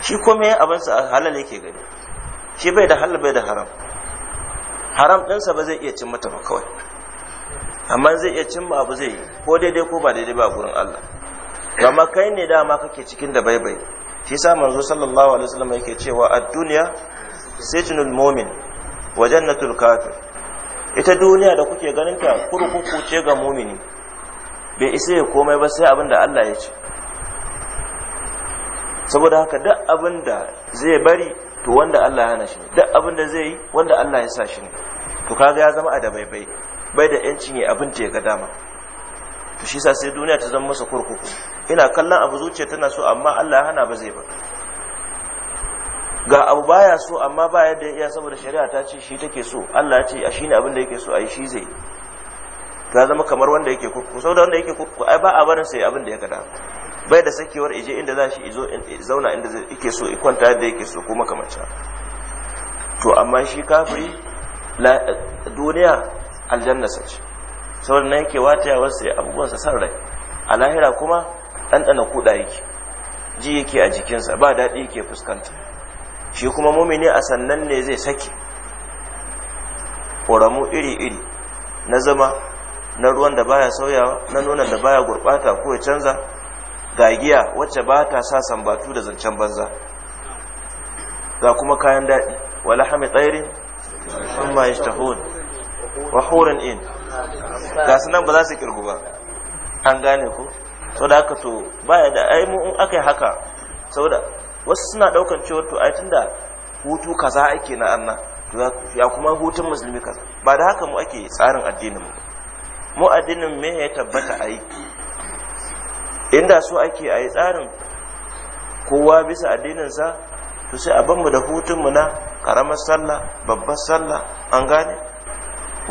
shi kome abinsa a halal yake gani shi bai da halal bai da haram haram ɗinsa ba zai iya cin mata ba kawai amma zai iya cimma abu zai yi ko daidai ko ba daidai ba gurin Allah amma kai ne dama kake cikin da baibai shi sa manzo sallallahu alaihi wasallam yake cewa ad-dunya sijnul mu'min wa jannatul kafir ita duniya da kuke ganin ta kurkuku ce ga mumini bai isa ya komai ba sai abin da Allah ya ce saboda haka duk abin da zai bari to wanda Allah ya hana shi duk abin zai yi wanda Allah ya sa shi ne to kaga ya zama a da baibai bai da yancin ya abin ta ya ga dama to shi sa sai duniya ta zama masa kurkuku ina kallon abu zuciya tana so amma Allah ya hana ba zai ba ga abu baya so amma ba yadda ya iya saboda shari'a ta ce shi take so Allah ya ce a shine abin da yake so ai shi zai ta zama kamar wanda yake kurkuku saboda wanda yake kurkuku ai ba a barin sai abin da ya ga dama bai da sakewar ije inda za shi izo zauna inda yake so i kwanta yadda yake so ko makamancin to amma shi kafiri duniya sa ce saboda na yake wataya wasu sa san rai a lahira kuma ɗanɗana kuɗa yake ji yake a jikinsa ba daɗi yake fuskanta shi kuma mumini a sannan ne zai sake ƙoramu iri-iri na zama na ruwan da baya sauyawa na nonon da baya gurɓata ko ya canza gagiya wacce ba ta sa sambatu da zancen banza ga kuma kayan daɗi wala lahami tsairin sun ma yi wa horon in ga nan ba za su kirgu ba an gane ku sau da haka to baya da ai mu in aka yi haka sauda wasu suna daukan cewa to ai tunda hutu kaza ake na anna ya kuma hutun musulmi kaza ba da haka mu ake tsarin addinin mu mu addinin me ya tabbata ai inda so ake ai tsarin kowa bisa addininsa to sai a banmu da hutunmu na karamar sallah babbar sallah an gane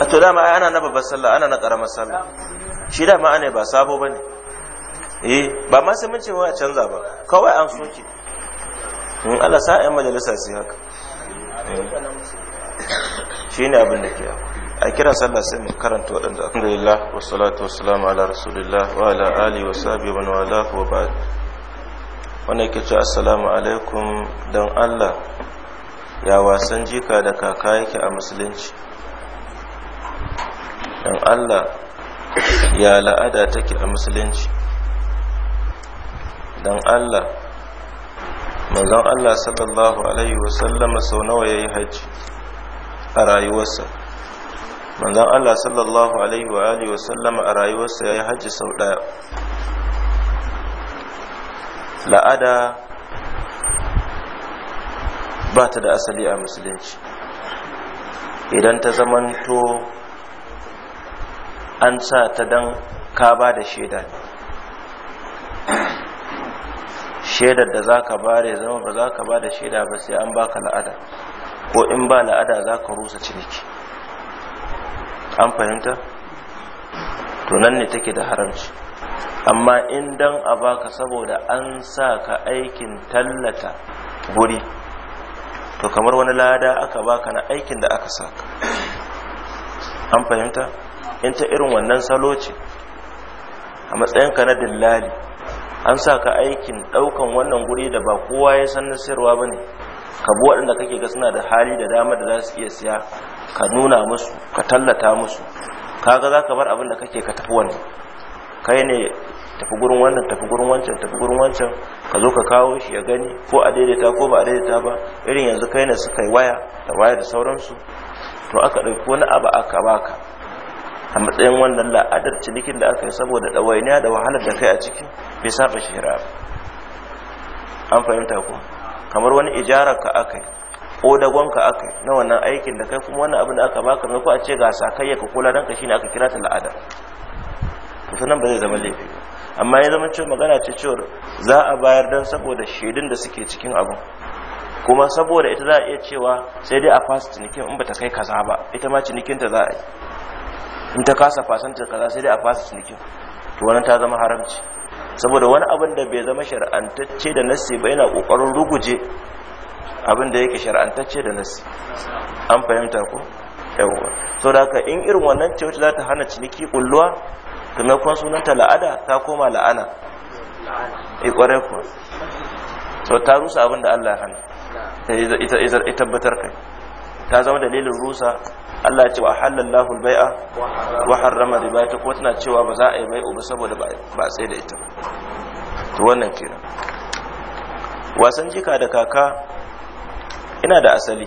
a to dama ana na babbar sallah ana na karamar sallah shi dama ana ba sabo bane eh ba ma sai mun ce a canza ba kawai an soke in Allah sa ƴan majalisa sai haka eh. shi ne abin da ke a kira sallah sai mu karanta wadanda alhamdulillah wassalatu wassalamu ala rasulillah wa ala alihi wa sahbihi wa wala wa ba'd wannan yake ce assalamu alaikum dan Allah ya wasan jika da kaka yake a musulunci Dan allah ya la'ada take a musulunci don allah manzon allah sallallahu alaihi wasallama sau nawa ya yi hajji a rayuwarsa manzon allah sallallahu alaihi wa alihi wasallama a rayuwarsa ya yi hajji sau ɗaya la'ada ba ta da asali a musulunci idan ta zamanto an sa ta dan ka ba da shaida shaidar da za ka bare zama ba za ka ba da shaida ba sai an baka la'ada ko in ba la'ada za ka rusa ciniki an fahimta to nan ne take da haramci amma in dan a baka saboda an sa ka aikin tallata guri to kamar wani lada aka baka na aikin da aka saka an fahimta in ta irin wannan salo ce a matsayinka na dillali an sa ka aikin ɗaukan wannan guri da ba kowa ya san na sayarwa ba ne ka bi waɗanda kake ga suna da hali da dama da za su iya siya ka nuna musu ka tallata musu kaga za ka bar abin da kake ka tafi wani kai ne tafi gurin wannan tafi gurin wancan tafi gurin wancan ka zo ka kawo shi ya gani ko a daidaita ko ba a daidaita ba irin yanzu kai ne suka yi waya da waya da sauransu to aka ɗauki wani abu aka baka a matsayin wannan la'adar cinikin da aka yi saboda ɗawainiya da wahalar da kai a ciki bai saba shira an fahimta ku kamar wani ijarar ka aka yi ko dagon ka aka yi na wannan aikin da kai kuma wannan abin da aka baka mai ko a ce ga sakayya ka kula don ka shine aka kira ta la'adar to nan ba zai zama laifi ba amma ya zama cewa magana ce cewa za a bayar dan saboda shaidun da suke cikin abu. kuma saboda ita za a iya cewa sai dai a fasa cinikin in ba ta kai kaza ba ita ma cinikinta za a yi in ta kasa fasanta kaza sai dai a fasa cinikin to wannan ta zama haramci saboda wani abin da bai zama shar'antacce da nassi ba yana kokarin ruguje abin da yake shar'antacce da nassi an fahimta ko yawa so da haka in irin wannan ce wacce za ta hana ciniki kulluwa to maimakon sunanta la'ada ta koma la'ana ikware eh, kuwa so ta rusa abin da Allah ya hana eh, ita tabbatar kai ta zama dalilin rusa Allah ya ce wa halallahu al-bai'a wa harrama riba ta ko tana cewa ba za a yi bai'u ba saboda ba sai da ita to wannan kenan wasan jika da kaka ina da asali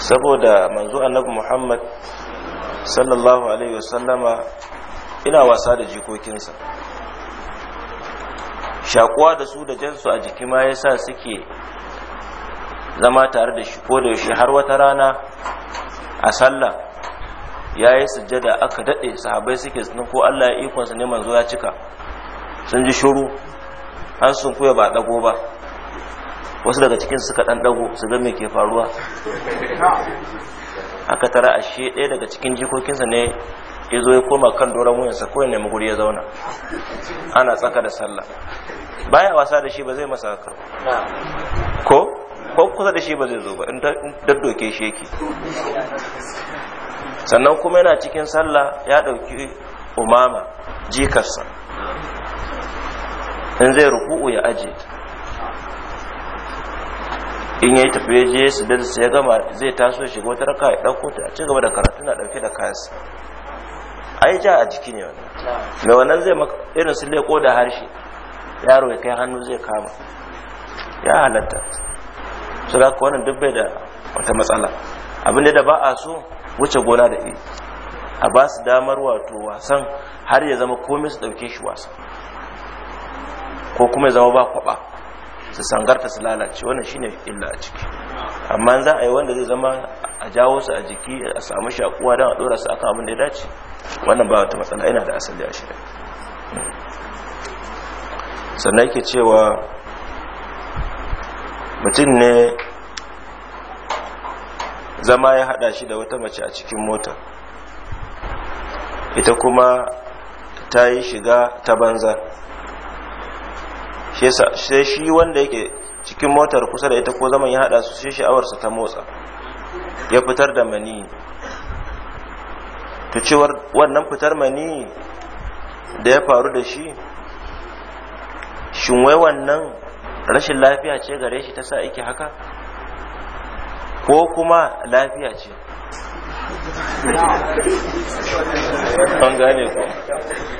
saboda manzo annabi Muhammad sallallahu alaihi wasallama ina wasa da jikokinsa shakuwa da su da jansu a jiki ma yasa suke zama tare da shi ko da yaushe har wata rana a sallah ya yi sujjada aka daɗe sahabai suke tsanin ko Allah ya ikonsa ne manzo ya cika sun ji shuru an sun kuya ba ɗago ba wasu daga cikin suka ɗan ɗago su ga me ke faruwa aka tara ashe ɗaya daga cikin jikokinsa ne ya zo ya koma kan doron wuyansa ko ya nemi guri ya zauna ana tsaka da sallah baya wasa da shi ba zai masa ko ko kusa da shi ba zai zo ba in daddoke shi yake sannan kuma yana cikin sallah ya ɗauki umama jikarsa in zai ruku'u ya aje in ya tafiye je su da su ya gama zai taso shi shiga wata raka ya ɗauko ta ci gaba da karatu na dauke da kayansa ai ja a jiki ne wannan mai wannan zai maka irin su leko da harshe yaro ya kai hannu zai kama ya halatta su da wannan duk bai da wata matsala abin da ba a so wuce gona da iri a ba su damar wato wasan har ya zama komai su ɗauke shi wasan? ko kuma ya zama ba kwaba su sangarta su lalace wannan shine illa a ciki amma za a yi wanda zai zama a jawo su a jiki a samu shakuwa don a ɗora su akan abin da ya dace wannan ba wata matsala yana da asali a shirya sannan yake cewa mutum ne zama ya hada shi da wata mace a cikin mota ita kuma ta yi shiga ta banza sai shi wanda yake cikin motar kusa da ita ko zaman ya hada su sai sha'awarsa ta motsa ya fitar da mani Ta cewar wannan fitar mani da ya faru da shi shin wai wannan rashin lafiya ce gare shi ta sa ike haka ko kuma lafiya ce an gane ku.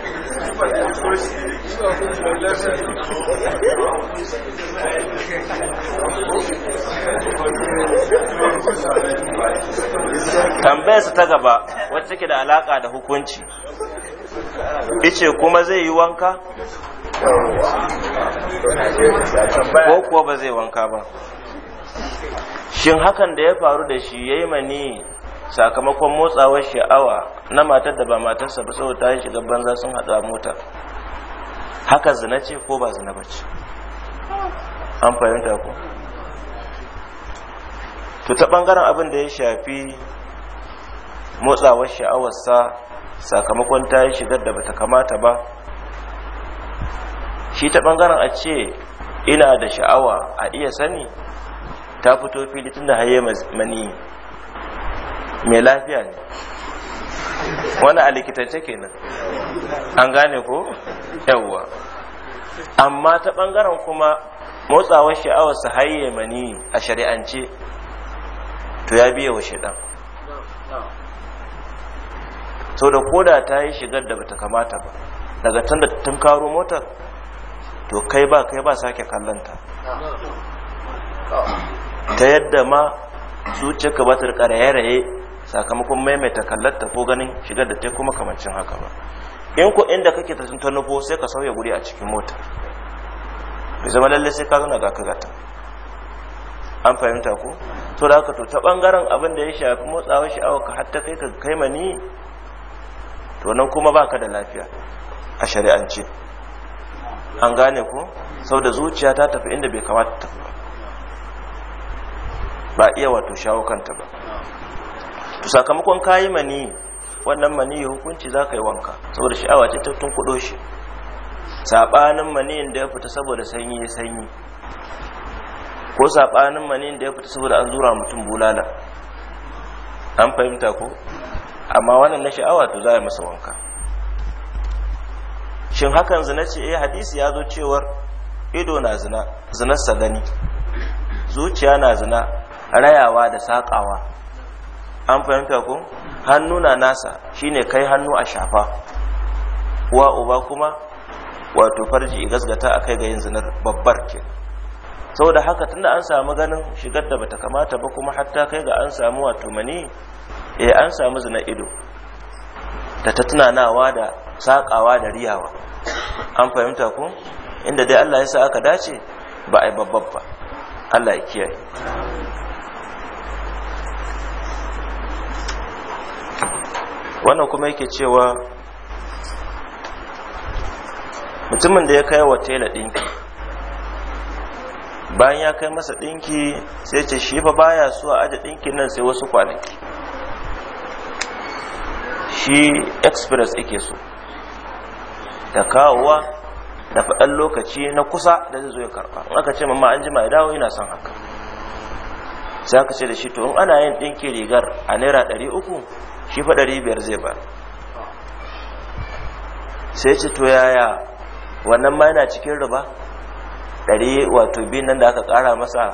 su ta gaba wacce ke da alaka da hukunci ice kuma zai yi wanka ko kuwa ba zai wanka ba shin hakan da ya faru da shi ya yi mani sakamakon motsawar sha'awa na matar da ba matarsa ba saboda ta yi shiga banza sun hada a mota haka zina ce ko ba zina bace an fahimta ku. to ta ɓangaren abin da ya shafi motsawar sha'awarsa sakamakon ta yi shigar da bata kamata ba shi ta ɓangaren a ce ina da sha'awa a iya sani ta fito fili tun da haye mani mai lafiya ne wani a likitance kenan an gane ko yawwa amma ta ɓangaren kuma motsawar sha'awar su haye mani a shari'ance to ya biya wa shaidan sau da koda ta yi shigar da bata kamata ba daga tun da tun karo motar to kai ba kai ba sake kallonta ta yadda ma zuciyarka ba ta raye-raye sakamakon maimaita kallarta ko ganin shigar da ta kuma kamancin haka ba in ku inda kake ta sun nufo sai ka sauya guri a cikin mota bai zama lalle sai ka zana gaka gata an fahimta ko to da haka to ta bangaren abin da ya shafi motsawa sha'awa ka hatta kai ka kai mani to nan kuma baka da lafiya a shari'ance an gane ko sau da zuciya ta tafi inda bai kamata ta ba iya wato shawo kanta ba sakamakon kayi mani wannan mani hukunci za ka yi wanka saboda sha'awa ce ta tun kudo shi saɓanin mani da ya fita saboda sanyi ya sanyi ko saɓanin mani da ya fita saboda an zura mutum bulala an fahimta ko amma wannan na sha'awa to za a masa wanka shin hakan zina ce eh hadisi ya zo cewar ido na zina zinarsa gani zuciya na zina rayawa da saƙawa an fahimta ku? hannu na nasa shine kai hannu a shafa uwa uba kuma wato farji gasgata a kai ga yin zinar babbar ke saboda haka tunda an samu ganin shigar da bata kamata ba kuma hatta kai ga an samu wato mani eh an samu zina ido da ta tunanawa da sakawa da riyawa an fahimta ku? inda dai Allah ya sa aka dace ba a babbar ba Allah ya kiyaye wannan kuma yake cewa mutumin da ya kai wa tela dinki bayan ya kai masa dinki sai ce shi fa baya so a aje dinki nan sai wasu kwanaki shi express yake so da kawowa da faɗan lokaci na kusa da zai zo ya karɓa in aka ce mamma an ji ya dawo ina son haka sai aka ce da shi to in ana yin ɗinki rigar a naira ɗari uku shi fa ɗari biyar zai ba sai ce to yaya wannan ma yana cikin riba ɗari wato biyun nan da aka ƙara masa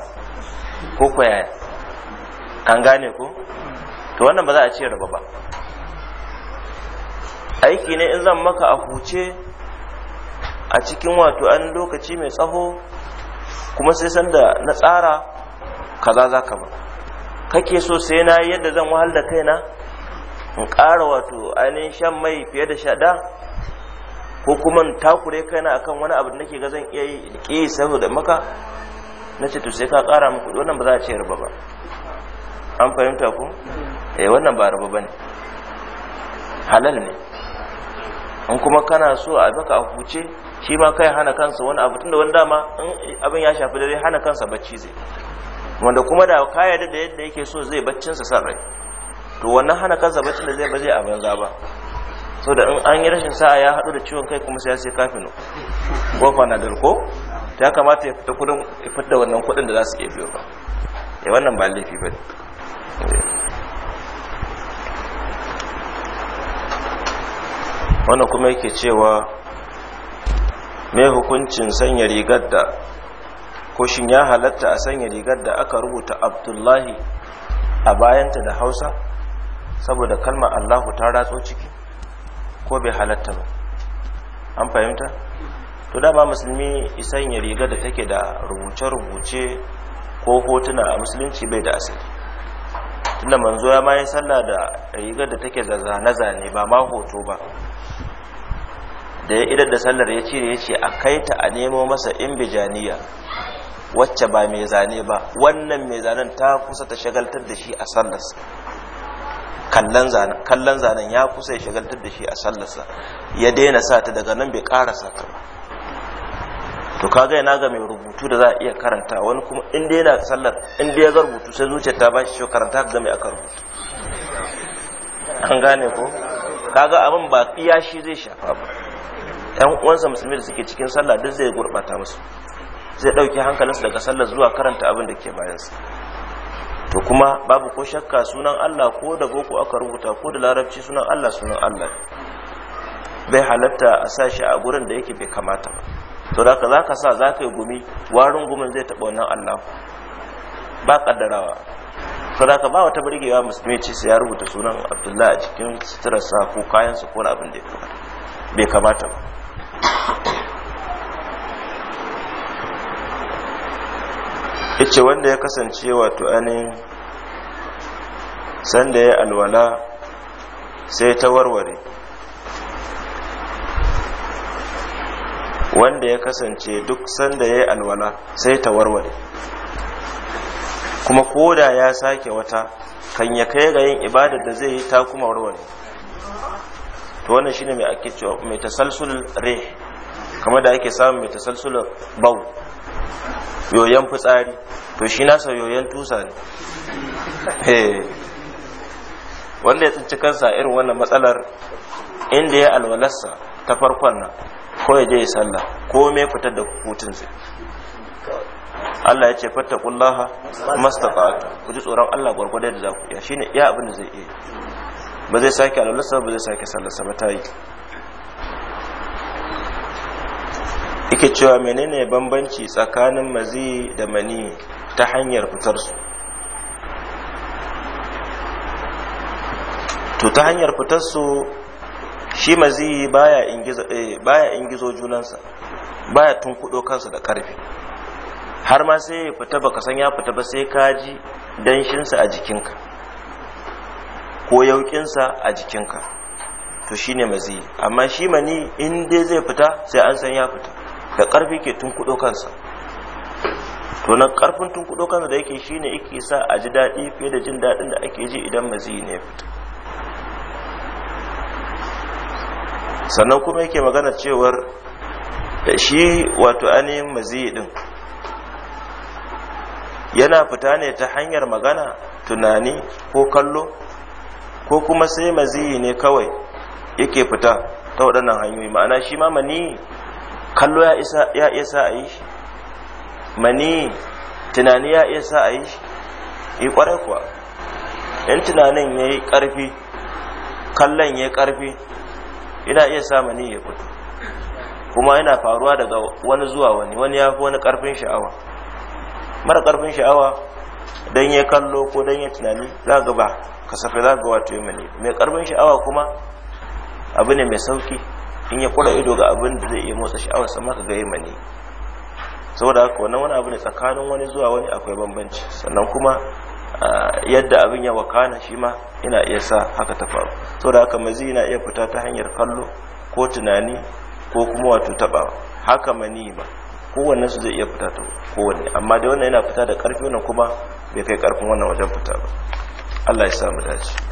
ko ko yaya an gane ko to wannan ba za a ce riba ba aiki ne in zan maka a huce a cikin wato an lokaci mai tsaho kuma sai sanda na tsara kaza za ka ba kake so sai na yadda zan wahal da kaina in ƙara wato ainihin shan mai fiye da shaɗa ko kuma in takure kaina akan wani abu da nake ga zan iya yi ƙi da maka na ce to sai ka ƙara muku kuɗi wannan ba za a ce riba ba an fahimta ku eh wannan ba ba ne. halal ne in kuma kana so a baka a huce shi ma kai hana kansa wani abu tunda wani dama in abin ya shafi dare hana kansa bacci zai wanda kuma da kaya da yadda yake so zai baccinsa san rai to wannan hana kansa bacin da zai ba zai a banza ba so da in an yi rashin sa'a ya haɗu da ciwon kai kuma sai ya sai kafinu ko da ko ta kamata ya fita kudin ya fita wannan kudin da za su iya biyo ba ya eh, wannan ba laifi ba wannan kuma yake cewa mai hukuncin sanya rigar da ko shin ya halatta a sanya rigar da aka rubuta abdullahi a bayanta da hausa saboda kalmar Allahu ta ratso ciki ko bai halatta ba an fahimta to dama musulmi isan ya riga da take da rubuce-rubuce ko hotuna a musulunci bai da asali tunda manzo ya ma sallah da riga da take da zane-zane ba ma hoto ba da ya idar da sallar ya cire ya ce a kai ta a nemo masa in bijaniya wacce ba mai zane ba wannan mai zanen ta kusa ta shagaltar da shi a sallarsa kallon zanen kallon zanen ya kusa ya shagaltar da shi a sallarsa ya daina sa ta daga nan bai ƙara sa ta ba to kaga yana ga mai rubutu da za a iya karanta wani kuma in dai yana sallar in dai ya ga rubutu sai zuciyar ta bashi shi karanta ga mai aka rubutu an gane ko kaga abin ba iya shi zai shafa ba yan uwansa musulmi da suke cikin sallah duk zai gurɓata musu zai ɗauki hankalinsu daga sallar zuwa karanta abin da ke bayansa to kuma babu ko shakka sunan Allah ko da boko aka rubuta ko da larabci sunan Allah sunan Allah bai halatta a sa shi a gurin da yake bai kamata ba to da za ka sa za ka yi gumi warin gumin zai taɓa wannan Allah ba ƙaddarawa to da ba wata birgewa musulmi ce sai ya rubuta sunan Abdullahi a cikin suturarsa ko kayansa ko abin da ya kamata bai kamata ba yace wanda ya kasance wato anin sanda ya alwala sai ta warware wanda ya kasance duk sanda ya alwala sai ta warware kuma koda ya sake wata kan ya kai ga yin ibadar da zai yi ta kuma warware to wannan shine mai ake cewa mai tasalsul rih kamar da ake samu mai tasalsul bau yoyon fitsari to shi nasa yoyon tusa ne eh. wanda ya tsinci kansa irin wannan matsalar inda ya alwalarsa ta farkon nan ko ya je ya sallah ko mai fitar da hutunsa. zai Allah ya ce kullaha mastaqatu ku ji tsoron Allah gwargwado da za ku iya shine iya abin da zai iya ba zai sake alwalarsa ba zai sake sallarsa ba ta yi yake cewa menene bambanci tsakanin mazi da mani ta hanyar fitarsu to ta hanyar fitarsu shi mazi baya ingizo eh, junansa baya tunkudo kansa da karfi har ma sai ya fita baka san ya fita ba sai kaji danshinsa a jikinka ko yaukinsa a jikinka to shine mazi amma shi mani in dai zai fita sai an san ya fita da ƙarfi ke tunkuɗo kansa to na ƙarfin tunkuɗo kansa da yake shine yake sa a ji daɗi fiye da jin daɗin da ake ji idan mazi ne fita sannan kuma yake magana cewar da shi wato ainihin mazi ɗin yana fita ne ta hanyar magana tunani ko kallo ko kuma sai maziyi ne kawai yake fita ta waɗannan hanyoyi ma'ana shi ma mani kallo ya isa ya iya sa a yi shi mani tunani ya iya sa a yi shi yi kwarai kuwa in tunanin ya yi ƙarfi kallon ya yi ƙarfi ina iya sa mani ya fito kuma yana faruwa daga wani zuwa wani wani ya fi wani ƙarfin sha'awa mara ƙarfin sha'awa don ya kallo ko don ya tunani za ga ba kasafai za ga wato yi mani mai ƙarfin sha'awa kuma abu ne mai sauki in ya kura ido ga abin da zai iya motsa sha'awar sa maka ga mani saboda haka wannan wani abu ne tsakanin wani zuwa wani akwai bambanci sannan kuma yadda abin ya wakana shi ma ina iya sa haka ta faru saboda haka mazi yana iya fita ta hanyar kallo ko tunani ko kuma wato taba haka mani ba kowanne su zai iya fita ta kowanne amma da wannan yana fita da karfi wannan kuma bai kai karfin wannan wajen fita ba Allah ya samu dace